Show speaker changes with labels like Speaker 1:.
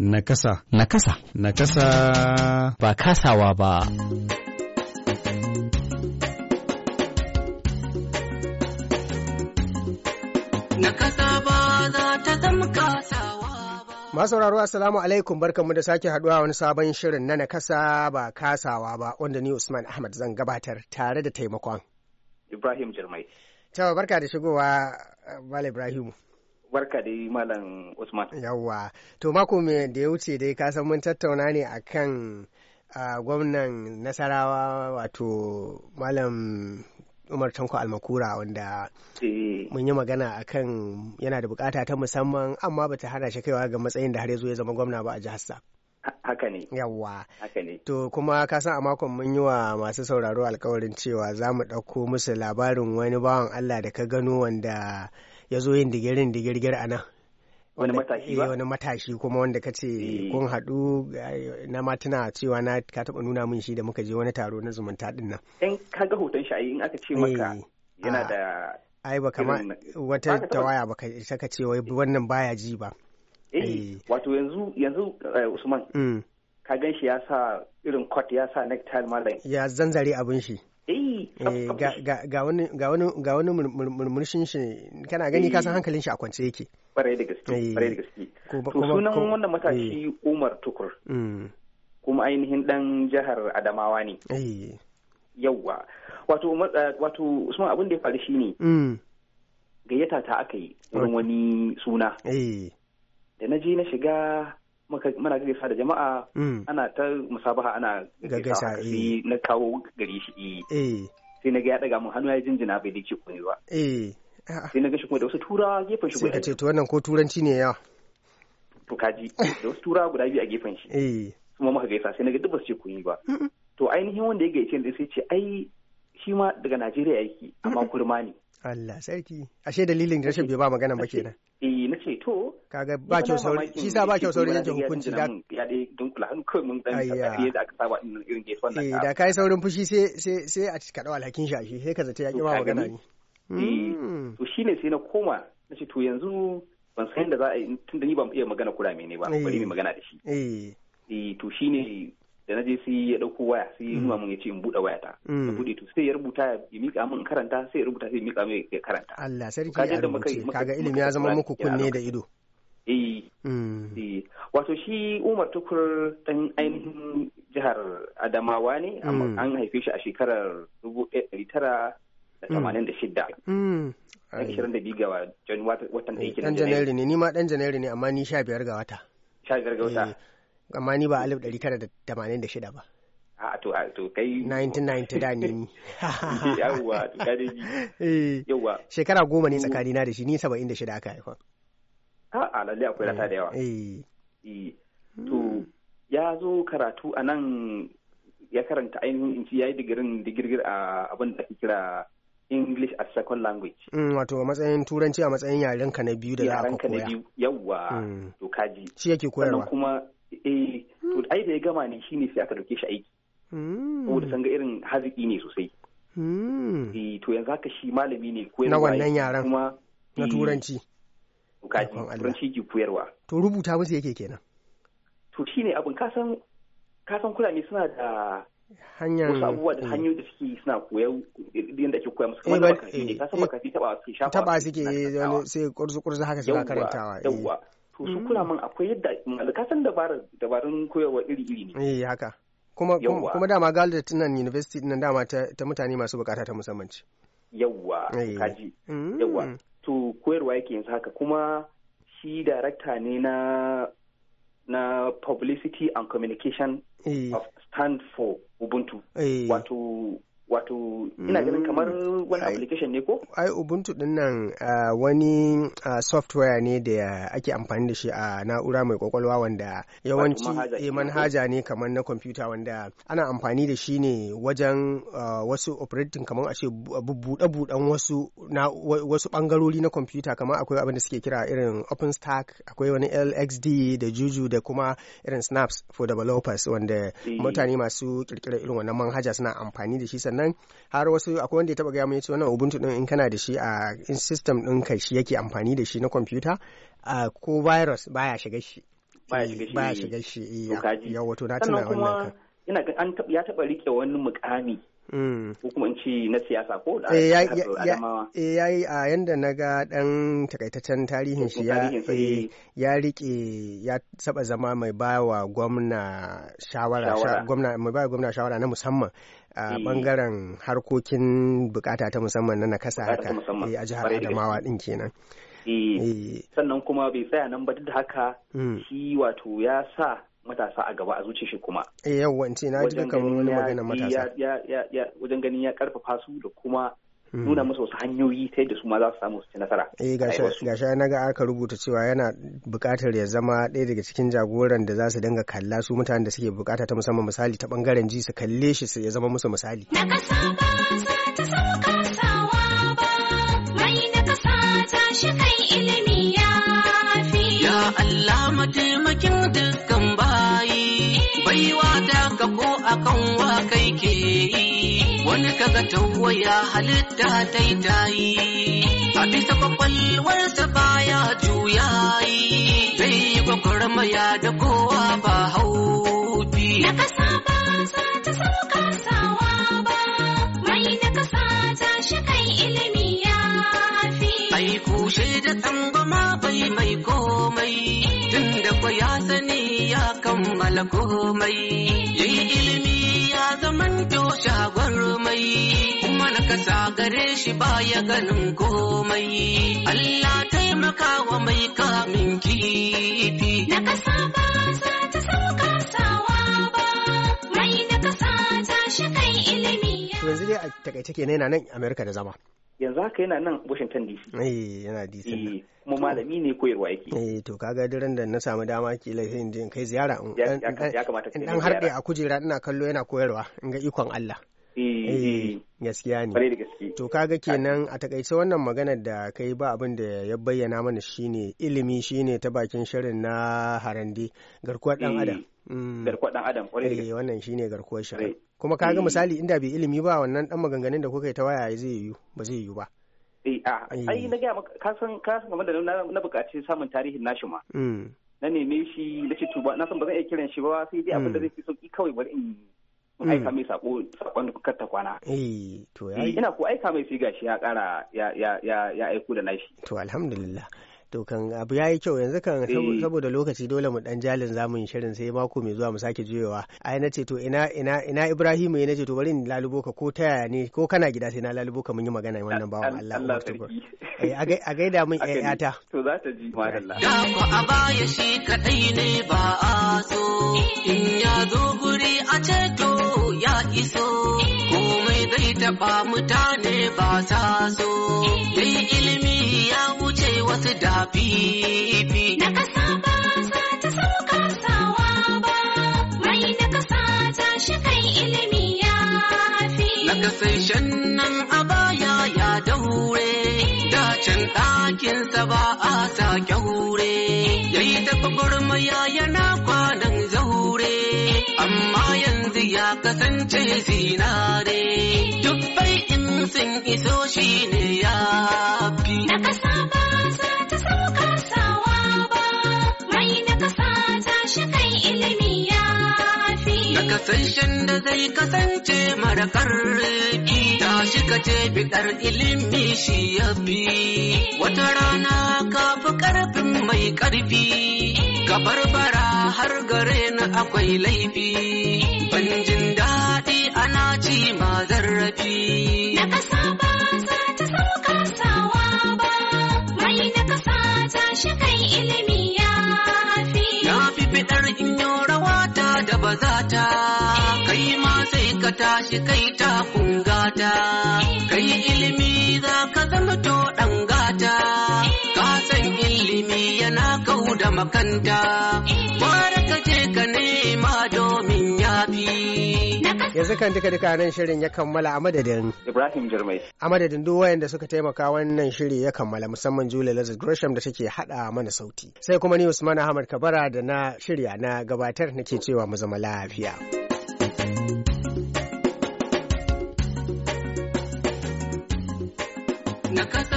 Speaker 1: Nakasa. Nakasa. Nakasa. Ba kasawa ba.
Speaker 2: Nakasa ba za ta zama kasawa.
Speaker 3: Assalamu alaikum barkanmu da sake haduwa wani sabon shirin na nakasa ba kasawa ba wanda ni Usman Ahmad zan gabatar tare da taimakon.
Speaker 1: Ibrahim Jirmai.
Speaker 3: Tawa barka da shigowa Bala Ibrahimu.
Speaker 1: barka dai malam usman
Speaker 3: yawwa to mako mai da ya wuce dai ka san mun tattauna ne akan gwamnan nasarawa wato malam umar tanko almakura wanda eh. mun yi magana akan yana da bukata ta musamman amma bata hana shi kaiwa ga matsayin da har ya zo ya zama gwamna ba a jihar sa haka ne yawa haka ne to kuma ka san a makon mun yi wa masu sauraro alkawarin cewa za mu ɗauko musu labarin wani bawan allah da ka gano wanda ya zo yin digirin digirgir a nan wani matashi eh, ba wani matashi kuma wanda ka ce eh. kun haɗu eh, na ma tuna cewa na ka taɓa nuna min shi da muka je wani taro na zumunta ɗin nan
Speaker 1: in ka ga hoton shi a in aka ce maka yana ah.
Speaker 3: da ai ba kama wata tawaya ba ka ta ka ce wai wannan baya ji ba
Speaker 1: wato yanzu yanzu Usman mm. ka gan shi ya sa irin kwat ya sa nektar malai
Speaker 3: ya zanzare abin shi Eh, ga wani murmurshin shi kana gani kasan eh. hankalin shi a kwance yake
Speaker 1: kwarai da gaske eh. kwarai da gaske
Speaker 3: to sunan wannan
Speaker 1: matashi Umar Tukur mm. kuma ainihin dan jihar Adamawa ne yawwa wato wato Usman abin da ya faru shine mm. gayyata ta aka yi wurin wani suna da na je na shiga muna gaisa da jama'a mm. ana ta musabaha ana gaisa eh. na kawo gari shi eh. Eh. sai na ga ya daga mun hannu ya jinjina bai dace komai ba sai na
Speaker 3: ga shi kuma da wasu tura gefen shi guda sai ka ce to wannan ko turanci ne ya
Speaker 1: to kaji da wasu tura guda biyu a gefen shi kuma muka gaisa sai na ga duk ce komai ba to ainihin wanda ya gaishe ni sai ce ai shi ma daga Najeriya yake amma kurma ne
Speaker 3: Allah sarki ashe dalilin rashin bai ba magana ba kenan
Speaker 1: na ce to kaga ba kyau sauri shi sa ba kyau sauri yanke hukunci da ya dai dunkula hannu kawai mun dan tafiye da aka saba din irin gefen nan eh da kai
Speaker 3: saurin fushi sai sai sai a kada alhakin shashi sai ka zata ya ki wa gana ni to shine
Speaker 1: sai na koma na ce to yanzu ban san yadda za a yi tun ni ban iya magana kurame ne ba bari mai eh. magana da shi eh, eh to shine da na je sai ya dauko waya sai ya nuna mm. mun ya ce in buɗe wayata mm. na buɗe to sai ya rubuta ya mika mun karanta sai ya rubuta sai ya mika mun ya karanta
Speaker 3: Allah sarki ya rubuce kaga ilimi ya zama muku kunne da ido eh. Mm.
Speaker 1: eh wato shi Umar Tukur dan ainihin jihar Adamawa ne amma an haife shi a shekarar
Speaker 2: 1986 ashirin da
Speaker 1: biyu ga watan aiki eh, na janairu
Speaker 3: ne ni ma dan janairu ne amma ni sha biyar ga wata sha biyar ga wata eh. amma ni ba alif ɗari tara da tamanin da shida ba
Speaker 1: a to to kai
Speaker 3: 1990 da ne
Speaker 1: yawwa to ka dai eh, yawwa
Speaker 3: shekara goma ne tsakani na da shi ni 76 aka haifa
Speaker 1: a a lalle akwai rata da yawa
Speaker 3: eh. eh to
Speaker 1: ya zo karatu a nan ya karanta ainihin inci ya yi digirin digirgir a abin da ake kira English as second language.
Speaker 3: Mm, wato a matsayin turanci a matsayin yarenka na biyu da za a koya. Yarenka na biyu yawwa mm.
Speaker 1: to kaji. Shi yake koyarwa. Sannan kuma eh to hmm. ai da ya gama ne shi ne sai aka dauke shi aiki
Speaker 2: hmm. saboda san
Speaker 1: ga irin haziki ne sosai
Speaker 2: hmm.
Speaker 1: eh to yanzu haka shi malami ne ko na wannan yaran kuma
Speaker 3: na eh, turanci
Speaker 1: turanci ki koyarwa
Speaker 3: to rubuta musu yake kenan to shi ne abin kasan kasan kula ne suna da hanyar wasu abubuwa da eh. hanyoyi
Speaker 1: da suke suna koyar yadda ake koya musu kuma eh, da makafi ne kasan makafi taba suke shafa
Speaker 3: taba suke sai kurzu kurzu haka suka karantawa yawwa
Speaker 1: to su mm. kuna min akwai yadda ka dabarun koyarwa iri-iri
Speaker 3: ne eh haka kuma kuma dama galda tunan university nan dama ta mutane masu bukata ta musamman ce yawwa eh. kaji
Speaker 1: mm. yawwa to koyarwa yake yanzu haka kuma shi director ne na na publicity and communication eh. of stand for ubuntu eh. wato wato ina ganin mm, kamar wani application ne ko?
Speaker 3: ai ubuntu din nan wani software ne da ake amfani da shi a na'ura mai kwakwalwa wanda yawanci manhaja, eh, manhaja ne kamar na kwamfuta wanda ana amfani da shi ne wajen wasu operating kamar a ce buɗe-buɗen wasu na wasu bangarori na kwamfuta kamar akwai abin da suke kira irin OpenStack akwai wani LXD da Juju da kuma irin Snaps for developers wanda eh. mutane masu kirkirar irin wannan manhaja suna amfani da shi sannan har wasu akwai wanda ya taba gaya mun yace wannan ubuntu din in kana da shi a in system din kai shi yake amfani da shi na kwamfuta ko virus baya shiga shi baya eh, shiga shi ya wato na tuna wannan
Speaker 1: kan ina ga an ya taba rike wani mukami Mm. ko kuma in ci na siyasa ko da eh, adamawa
Speaker 3: eh, Ya yi a yanda na ga dan takaitaccen tarihin shi ya rike eh, ya saba zama mai bawa gwamna shawara gwamna mai bawa gwamna shawara na musamman a bangaren harkokin bukata ta musamman na nakasa haka a jihar Adamawa din kenan
Speaker 1: sannan kuma bai tsaya nan ba duk da haka mm. shi wato ya sa matasa a gaba a zuce shi kuma
Speaker 3: e eh, yawa wance na ji kamar wani magana matasa
Speaker 1: wajen ganin ya karfafa su da kuma hmm. nuna musu wasu hanyoyi ta yadda su ma za su samu su ci nasara.
Speaker 3: E eh, gasha na ga aka rubuta cewa yana bukatar ya zama ɗaya daga cikin jagoran da za su dinga kalla su mutanen da suke bukata ta musamman misali ta ɓangaren ji su kalle shi su ya zama musu misali.
Speaker 2: Na ƙasa ba ta sauka ga tawaya halitta daidai a bisa kwakwalwarsa baya juyayi zai yi ya da kowa ba haufi na kasa ba za ta sauka sawa ba mai na kasa ta shi kai ilimi ya fi ai kushe da ma bai mai komai tun da ya sani ya kammala komai shagwarmai kuma na kasa gare shi baya ganin komai Allah taimaka wa mai kamin kifi na kasa ba za ta sauka sawa ba mai na kasa ta shi kai ilimi
Speaker 3: yanzu dai a takaice kenan yana nan Amerika da zama
Speaker 1: yanzu haka yana nan Washington DC.
Speaker 3: Eh yana DC. Eh kuma
Speaker 1: malami ne koyarwa yake.
Speaker 3: Eh to kaga duran da na samu dama ki sai in kai ziyara in ya kamata in dan harbe a kujera ina kallo yana koyarwa in ga ikon Allah. Eh, eh. eh gaskiya ne. To kaga kenan a takaice wannan maganar da kai ba abin da ya bayyana mana shine ilimi shine ta bakin shirin na harande garkuwar dan eh, adam. Mm. Garkuwar dan adam Eh wannan shine garkuwar shirin. kuma ka ga eh. misali inda bai ilimi ba wannan dan maganganun da kuka yi ta waya zai yiwu ba zai yiwu ba
Speaker 1: eh a ai na ga ka san ka san game da na bukaci samun tarihin nashi ma mm. na neme shi na ce tuba na san ba zan iya kiran shi ba sai dai abin da mm. zai fi sauki kawai bari in mun mm. aika mai sako sakon kuka ta kwana.
Speaker 3: Eh, to yayi. Eh, ina ko
Speaker 1: aika mai siga shi ya kara ya ya ya aiko da nashi.
Speaker 3: To alhamdulillah. to kan abu ya yi kyau yanzu kan eh. saboda lokaci dole mu dan jalin zamu shirin sai mako mai zuwa mu sake juyewa ai nace to ina ina Ibrahim ya nace to bari in lalubo ka ko taya ne ko kana gida sai na lalubo ka mun yi magana wannan bawan Allah eh, a gaida min ƴaƴata to ta da
Speaker 2: ku a baya shi kadai ne ba a so in ya zo guri a ceto ya iso komai zai taba mutane ba sa so dai ilimi ya ce wasu da fifi. Na kasa ba za ta sauka sawa ba, mai na kasa ta shi kai ilimi ya fi. Na kasa shan nan a baya ya daure, eh. dacin ɗakinsa ba a sake hure. Yayi eh. tafi ya yana kwanan zaure, eh. amma yanzu ya kasance zinare. Dubbai in sun iso shi ne ya isasshen da zai kasance mara karfi shi ka ce fitar ilimi shi ya fi wata rana ka fi karfin mai karfi ka barbara har gare na akwai laifi ban jin daɗi ana ci ma zarrafi ba za ta kai ilimi ya fi Ya fi fitar in ta da ba za tashi kai ta kungata kai ilimi za ka zama to dangata, gata ka san ilimi yana kau da makanta gwara ka je ka nema domin yafi
Speaker 3: yanzu kan duka duka nan shirin ya kammala a madadin Ibrahim Jirmai a madadin duk wayanda suka taimaka wannan shiri ya kammala musamman Julia Lazarus Gresham da take hada mana sauti sai kuma ni Usman Ahmad Kabara da na shirya na gabatar nake cewa mu zama lafiya.
Speaker 2: casa